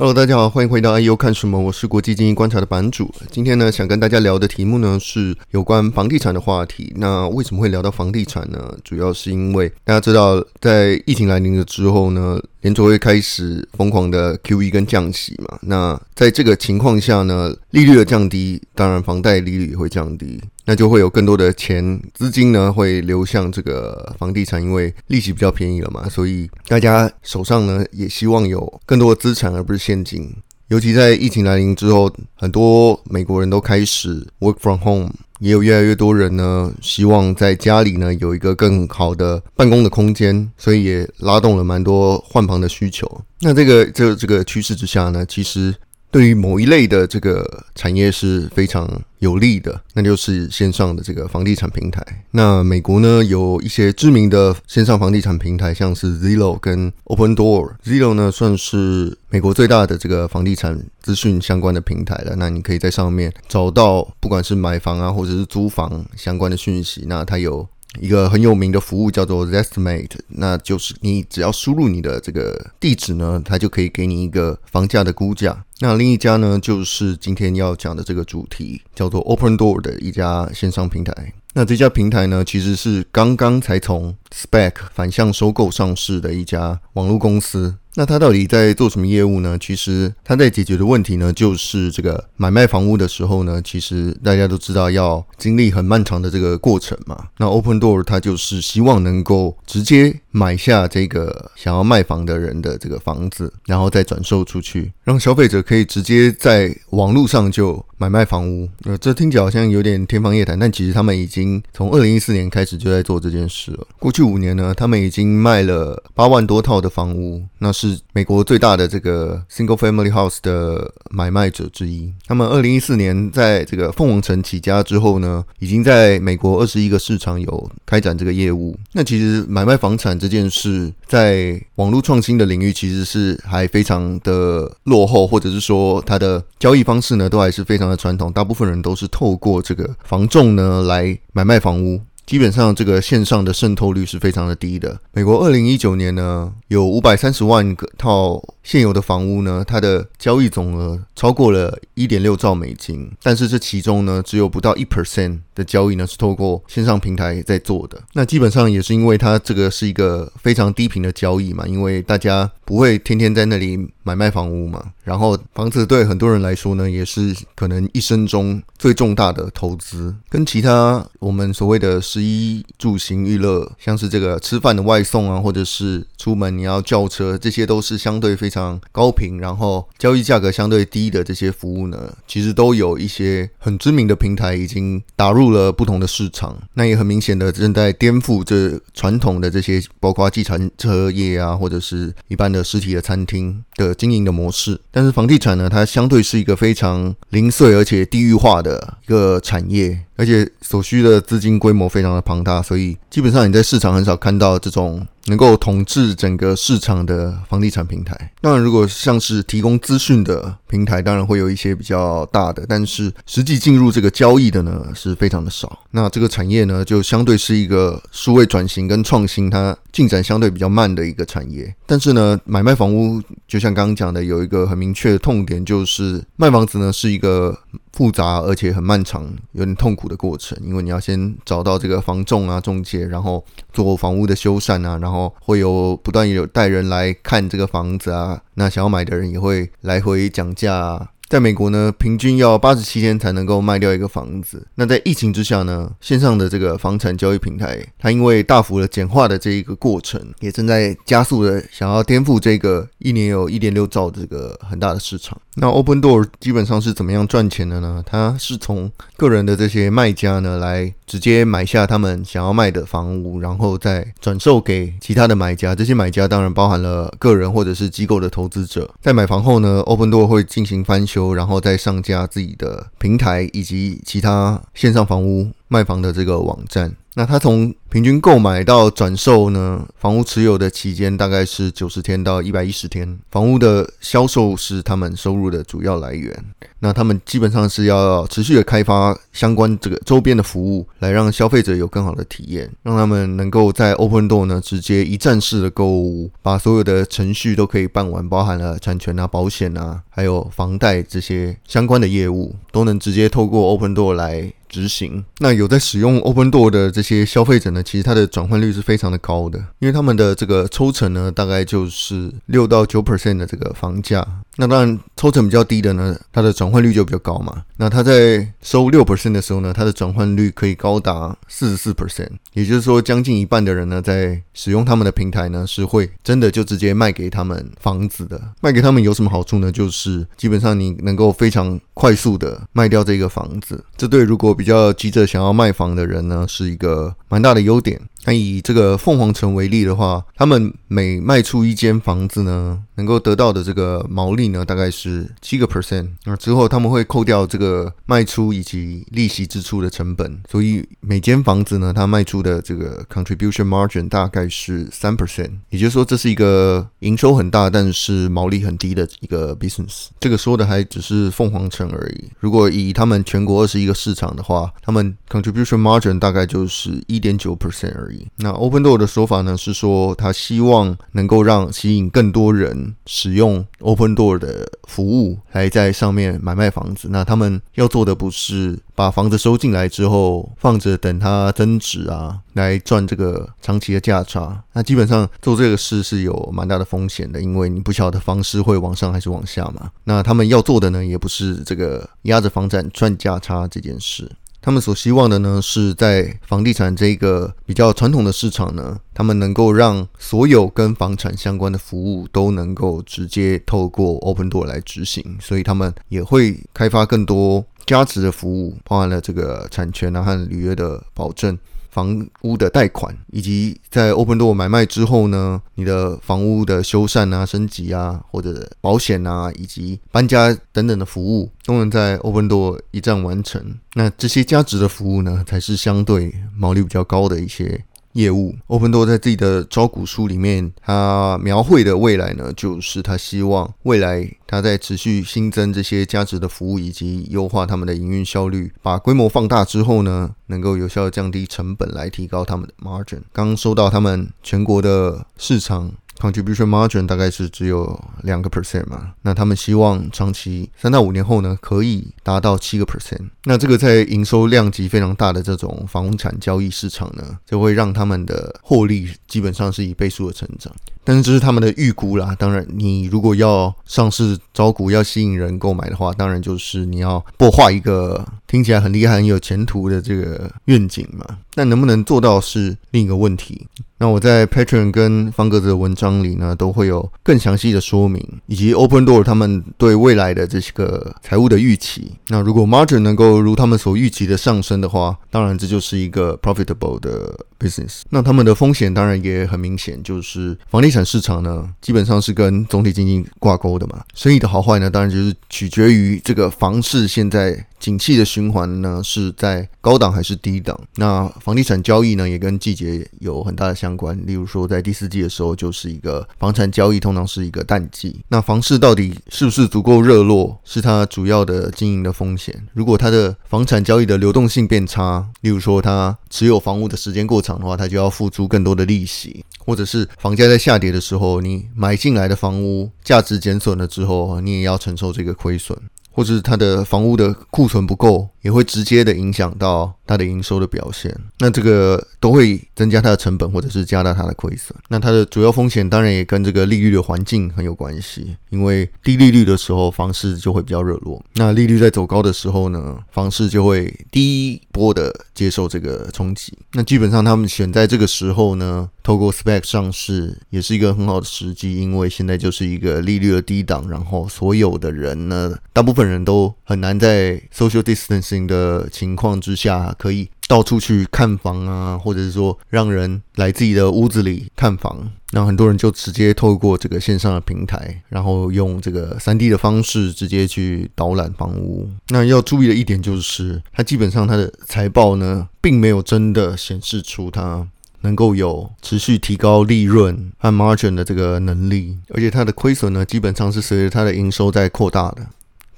Hello，大家好，歡迎回到 IEO 看什麼，我是國際經濟觀察的版主。今天呢，想跟大家聊的題目呢是有關房地產的話題。那為什麼會聊到房地產呢？主要是因為大家知道，在疫情來臨了之後呢，聯儲會開始瘋狂的 QE 跟降息嘛。那在這個情況下呢，利率的降低，當然房貸利率也會降低。那就會有更多的錢資金呢，會流向這個房地產，因為利息比較便宜了嘛，所以大家手上呢也希望有更多的資產，而不是現金。尤其在疫情來臨之後，很多美國人都開始 work from home，也有越來越多人呢希望在家裡呢有一個更好的辦公的空間，所以也拉動了蠻多換房的需求。那這個這這個趨勢之下呢，其實。對於某一類的這個產業是非常有利的，那就是線上的這個房地產平台。那美國呢，有一些知名的線上房地產平台，像是 Zillow 跟 Opendoor。Zillow 呢，算是美國最大的這個房地產資訊相關的平台了。那你可以在上面找到，不管是買房啊，或者是租房相關的訊息。那它有。一個很有名的服務叫做 Zestimate，那就是你只要輸入你的這個地址呢，它就可以給你一個房價的估價。那另一家呢，就是今天要講的這個主題，叫做 Opendoor 的一家線上平台。那這家平台呢，其實是剛剛才從 SPAC 反向收購上市的一家網絡公司。那他到底在做什麼業務呢？其實他在解決的問題呢，就是這個買賣房屋的時候呢，其實大家都知道要經歷很漫長的這個過程嘛。那 Opendoor 他就是希望能夠直接買下這個想要賣房的人的這個房子，然後再轉售出去，讓消費者可以直接在網絡上就買賣房屋。呃，這聽起來好像有點天方夜譚，但其實他們已經從二零一四年開始就在做這件事了。過去五年呢，他們已經賣了八萬多套的房屋。那。是美國最大的這個 single family house 的買賣者之一。他們二零一四年在這個鳳凰城起家之後呢，已經在美國二十一個市場有開展這個業務。那其實買賣房產這件事，在網絡創新的領域，其實是還非常的落後，或者是說它的交易方式呢，都還是非常的傳統。大部分人都是透過這個房仲呢來買賣房屋。基本上，這個線上的滲透率是非常的低的。美國二零一九年呢，有五百三十萬個套。現有的房屋呢，它的交易總額超過了一點六兆美金，但是這其中呢，只有不到一 percent 的交易呢是透過線上平台在做的。那基本上也是因為它這個是一個非常低頻的交易嘛，因為大家不會天天在那裡買賣房屋嘛。然後房子對很多人來說呢，也是可能一生中最重大的投資。跟其他我們所謂的食衣住行娛樂，像是這個吃飯的外送啊，或者是出門你要叫車，這些都是相對非。非常高頻，然後交易價格相對低的這些服務呢，其實都有一些很知名的平台已經打入了不同的市場，那也很明顯的正在顛覆這傳統的這些，包括計程車業啊，或者是一般的實體的餐廳的經營的模式。但是房地產呢，它相對是一個非常零碎而且地域化的一個產業，而且所需的資金規模非常的龐大，所以基本上你在市場很少看到這種。能夠統治整個市場的房地產平台，當然如果像是提供資訊的平台，當然會有一些比較大的，但是實際進入這個交易的呢，是非常的少。那這個產業呢，就相對是一個數位轉型跟創新，它進展相對比較慢的一個產業。但是呢，買賣房屋就像剛剛講的，有一個很明確的痛點，就是賣房子呢，是一個。複雜而且很漫長，有點痛苦的過程，因為你要先找到這個房仲啊，中介，然後做房屋的修繕啊，然後會有不斷有帶人來看這個房子啊，那想要買的人也會來回講價啊。在美國呢，平均要八十七天才能夠賣掉一個房子。那在疫情之下呢，線上的這個房產交易平台，它因為大幅的簡化的這一個過程，也正在加速的想要顛覆這個一年有一點六兆這個很大的市場。那 Opendoor 基本上是怎麼樣賺錢的呢？它是從個人的這些賣家呢來。直接買下他們想要賣的房屋，然後再轉售給其他的買家。這些買家當然包含了個人或者是機構的投資者。在買房後呢，Opendoor 會進行翻修，然後再上架自己的平台以及其他線上房屋賣房的這個網站。那他從平均購買到轉售呢，房屋持有的期間大概是九十天到一百一十天。房屋的銷售是他們收入的主要來源。那他們基本上是要持續的開發相關這個周邊的服務，來讓消費者有更好的體驗，讓他們能夠在 Open Door 呢直接一站式的購物，把所有的程序都可以辦完，包含了產權啊、保險啊，還有房貸這些相關的業務，都能直接透過 Open Door 來執行。那有在使用 Open Door 的這些消費者呢，其實它的轉換率是非常的高的，因為他們的這個抽成呢，大概就是六到九 percent 的這個房價。那當然，抽成比較低的呢，它的轉換率就比較高嘛。那它在收六 percent 的時候呢，它的轉換率可以高達四十四 percent，也就是說，將近一半的人呢，在使用他們的平台呢，是會真的就直接賣給他們房子的。賣給他們有什麼好處呢？就是基本上你能夠非常快速的賣掉這個房子，這對如果比較急着想要賣房的人呢，是一個蠻大的優點。那以這個鳳凰城為例的話，他們每賣出一間房子呢，能夠得到的這個毛利呢，大概是七個 percent。那之後他們會扣掉這個賣出以及利息支出的成本，所以每間房子呢，他賣出的這個 contribution margin 大概是三 percent。也就是說，這是一個營收很大，但是毛利很低的一個 business。這個說的還只是鳳凰城而已。如果以他們全國二十一個市場的話，他們 contribution margin 大概就是一點九 percent 而已。那 Open Door 的說法呢，是說他希望能夠讓吸引更多人。使用 Open Door 的服務來在上面買賣房子，那他們要做的不是把房子收進來之後放着等它增值啊，來賺這個長期的價差。那基本上做這個事是有蠻大的風險的，因為你不曉得房市會往上還是往下嘛。那他們要做的呢，也不是這個壓着房產賺價差這件事。他們所希望的呢，是在房地產這個比較傳統的市場呢，他們能夠讓所有跟房產相關的服務都能夠直接透過 Open Door 來執行，所以他們也會開發更多加值的服務，包含了這個產權啊和履約的保證。房屋的貸款，以及在 Opendoor 買賣之後呢，你的房屋的修繕啊、升級啊，或者保險啊，以及搬家等等的服務，都能在 Opendoor 一站完成。那這些加值的服務呢，才是相對毛利比較高的一些業務，Opendoor 在自己的招股書裡面，他描繪的未來呢，就是他希望未來他在持續新增這些價值的服務，以及優化他們的營運效率，把規模放大之後呢，能夠有效的降低成本，來提高他們的 margin。剛說到他們全國的市場。Contribution margin 大概是只有兩個 percent 嘛，那他們希望長期三到五年後呢，可以達到七個 percent。那這個在營收量級非常大的這種房產交易市場呢，就會讓他們的獲利基本上是以倍數的成長。但是這是他們的預估啦。當然，你如果要上市招股要吸引人購買的話，當然就是你要擘畫一個聽起來很厲害、很有前途的這個願景嘛。但能不能做到是另一個問題。那我在 Patreon 跟方格子的文章裡呢，都會有更詳細的說明，以及 Open Door 他們對未來的這些個財務的預期。那如果 Margin 能夠如他們所預期的上升的話，當然這就是一個 profitable 的 business。那他們的風險當然也很明顯，就是房地產。市場呢，基本上是跟總體經濟掛鈎的嘛，生意的好壞呢，當然就是取決於這個房市現在。景氣的循環呢，是在高檔還是低檔？那房地產交易呢，也跟季節有很大的相關。例如說，在第四季的時候，就是一個房產交易通常是一個淡季。那房市到底是不是足夠熱絡，是它主要的經營的風險。如果它的房產交易的流動性變差，例如說它持有房屋的時間過長的話，它就要付出更多的利息，或者是房價在下跌的時候，你買進來的房屋價值減損了之後，你也要承受這個虧損。或者是他的房屋的庫存不夠，也會直接的影響到，它的營收的表現，那這個都會增加它的成本，或者是加大它的虧損。那它的主要風險當然也跟這個利率的環境很有關係，因為低利率的時候，房市就會比較熱絡。那利率在走高的時候呢，房市就會第一波的接受這個衝擊。那基本上他們選在這個時候呢，透過 SPAC 上市也是一個很好的時機，因為現在就是一個利率的低檔，然後所有的人呢，大部分人都很難在 social distancing 的情況之下。可以到處去看房啊，或者是說讓人來自己的屋子裡看房，那很多人就直接透過這個線上的平台，然後用這個 3D 的方式直接去導覽房屋。那要注意的一點就是，它基本上它的財報呢，並沒有真的顯示出它能夠有持續提高利潤和 margin 的這個能力，而且它的虧損呢，基本上是隨着它的營收在擴大的。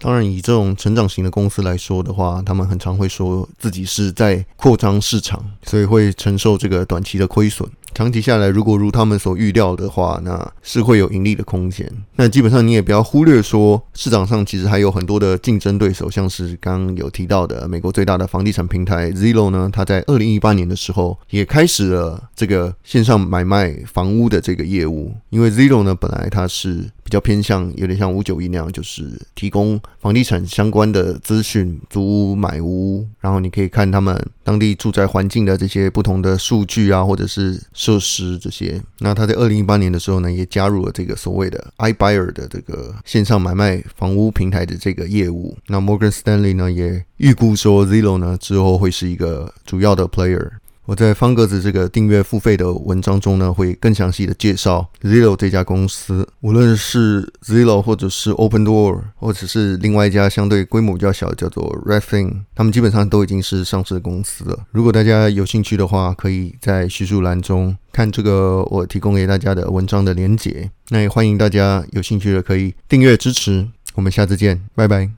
當然，以這種成長型的公司來說的話，他們很常會說自己是在擴張市場，所以會承受這個短期的虧損。長期下來，如果如他們所預料的話，那是會有盈利的空間。那基本上你也不要忽略說，市場上其實還有很多的競爭對手，像是剛剛有提到的美國最大的房地產平台 Zillow 呢，它在二零一八年的時候也開始了這個線上買賣房屋的這個業務。因為 Zillow 呢，本來它是比較偏向有點像五九一那樣，就是提供房地產相關的資訊，租屋、買屋，然後你可以看他們當地住宅環境的這些不同的數據啊，或者是。設施這些，那他在二零一八年的時候呢，也加入了這個所謂的 iBuyer 的這個線上買賣房屋平台的這個業務。那 Morgan Stanley 呢，也預估說 Zillow 呢之後會是一個主要的 player。我在方格子這個訂閱付費的文章中呢，會更詳細的介紹 Zillow 這家公司。無論是 Zillow，或者是 Open Door，或者是另外一家相對規模較小叫做 Redfin，他們基本上都已經是上市公司了。如果大家有興趣的話，可以在敘述欄中看這個我提供給大家的文章的連結。那也歡迎大家有興趣的可以訂閱支持。我們下次見，拜拜。